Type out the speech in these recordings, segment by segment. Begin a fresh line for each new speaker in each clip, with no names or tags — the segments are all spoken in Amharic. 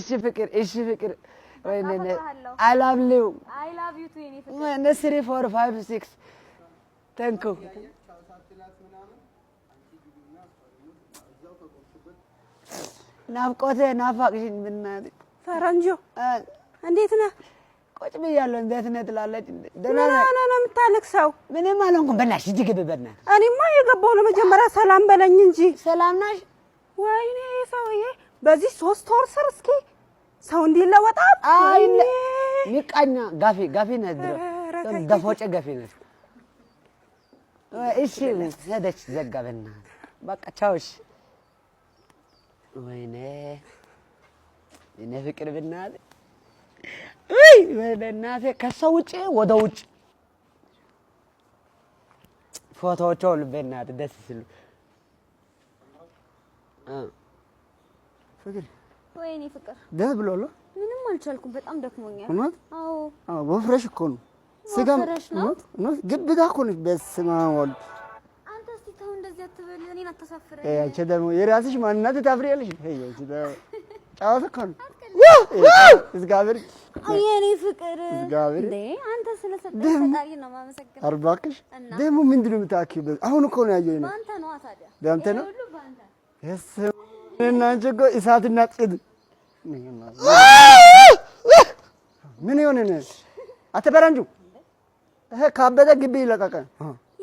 እሺ ፍቅር እሺ ፍቅር አይ ላቭ ዩ ስሪ ፎር ፋይቭ ሲክስ ተንኩ ናፍቆቴ ናፋቅሽኝ ብናትህ
ፈረንጆ እንዴት ነህ?
ቁጭ ብያለሁ። እንዴት ነህ ትላለች።
ደህና ነህ ነው የምታለቅሰው?
ምንም አልሆንኩም። በእናትሽ እጅ ግቢ በእናትህ።
እኔማ የገባሁ ለመጀመሪያ ሰላም በለኝ እንጂ። ሰላም ናሽ? ወይኔ ሰውዬ በዚህ ሶስት ወር ስር እስኪ ሰው እንዲህ
አይ ምቃኛ ጋፌ ጋፌ ነው ያድረው ደፎጨ ጋፌ እሺ ሄደች ዘጋበና በቃ ቻው። ወይኔ እኔ ፍቅር ብናል ወይ ወደ ከሰው ውጭ ወደ ውጭ ፎቶዎቹ ሁሉ ደስ ሲሉ ፍቅር ወይኔ ፍቅር ደህ ብሏል።
ምንም አልቻልኩም። በጣም ደክሞኛል። እውነት? አዎ፣
አዎ። ወፍረሽ እኮ ነው ስጋ እውነት፣ እውነት። ግብዳ እኮ ነሽ። በስመ አብ ወልድ።
አንተ እስኪ ተው እንደዚህ አትበል፣ እኔን አታሳፍረኝ።
አይ አንቺ ደግሞ የራስሽ ማንነት ታፍሪያለሽ። አይ አንቺ ደግሞ ጫወታ እኮ ነው። እሳትና ጽድ ምን ይሆንን አትበላ እህ ካበደ ግቢ ይለቀቀን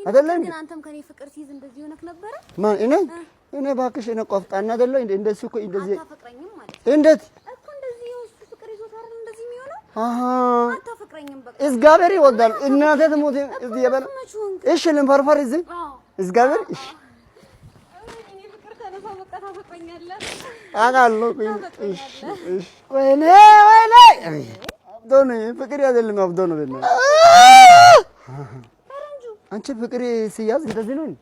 አይደለ እንዴ? አንተም ከኔ ፍቅር ሲይዝ እንደዚህ ሆነክ ነበረ።
ማን እኔ እኔ እባክሽ እኔ ቆፍጣና አይደለ እንዴ? እንደሱ እኮ
እንደዚህ አታፈቅረኝም ማለት
እንዴት እኮ
እንደዚህ ነው ፍቅር ይዞት አይደል እንደዚህ የሚሆነው። አሃ አታፈቅረኝም በቃ
እግዚአብሔር ይወዳል። እናቴ ትሞት እዚህ እሺ ልንፈርፈር እዚህ እግዚአብሔር እሺ ፍቅር ያዘልኝ አብዶ ነው። አንቺ ፍቅር ሲያዝ ። እንደዚህ ነው እንዴ?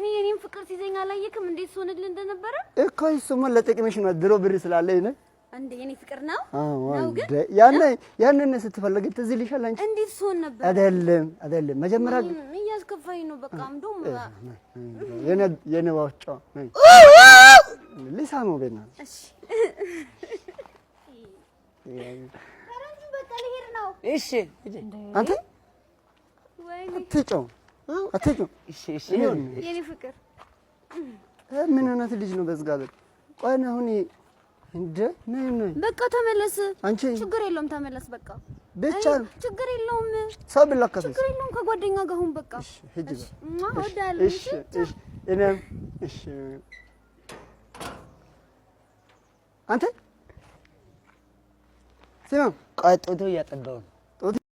እኔ የኔም ፍቅር ሲዘኛ አላየክም እንዴ? ሆነል እንደነበረ
እኮ እሱማ ለጥቅምሽ ነው። ድሮ ብር ስላለኝ ነው
እንዴ የኔ ፍቅር ነው?
አዎ እንዴ ያንን ስትፈልግ ትዝ ይልሻል አንቺ።
እንዴት ሰው ነበር?
አይደለም አይደለም፣ መጀመሪያ
እያስከፋኝ ነው። በቃ እንደውም
የኔ የኔ ዋጫ ልሳመው ቤት ነው። እሺ እሺ አንተ አትጮህ አትጮህ። እሺ እሺ የኔ ፍቅር ምን አይነት ልጅ ነው? በዝጋ በል ቆይ አሁን
በቃ ተመለስ። አንቺ ችግር የለውም ተመለስ። በቃ ብቻ ችግር የለውም ሰው ቢላከስ ችግር የለውም። ከጓደኛ ጋር አሁን በቃ
ሂጂ። እሺ እሺ እኔም እሺ አንተ ሲማ ቀጥቶ እያጠባው ነው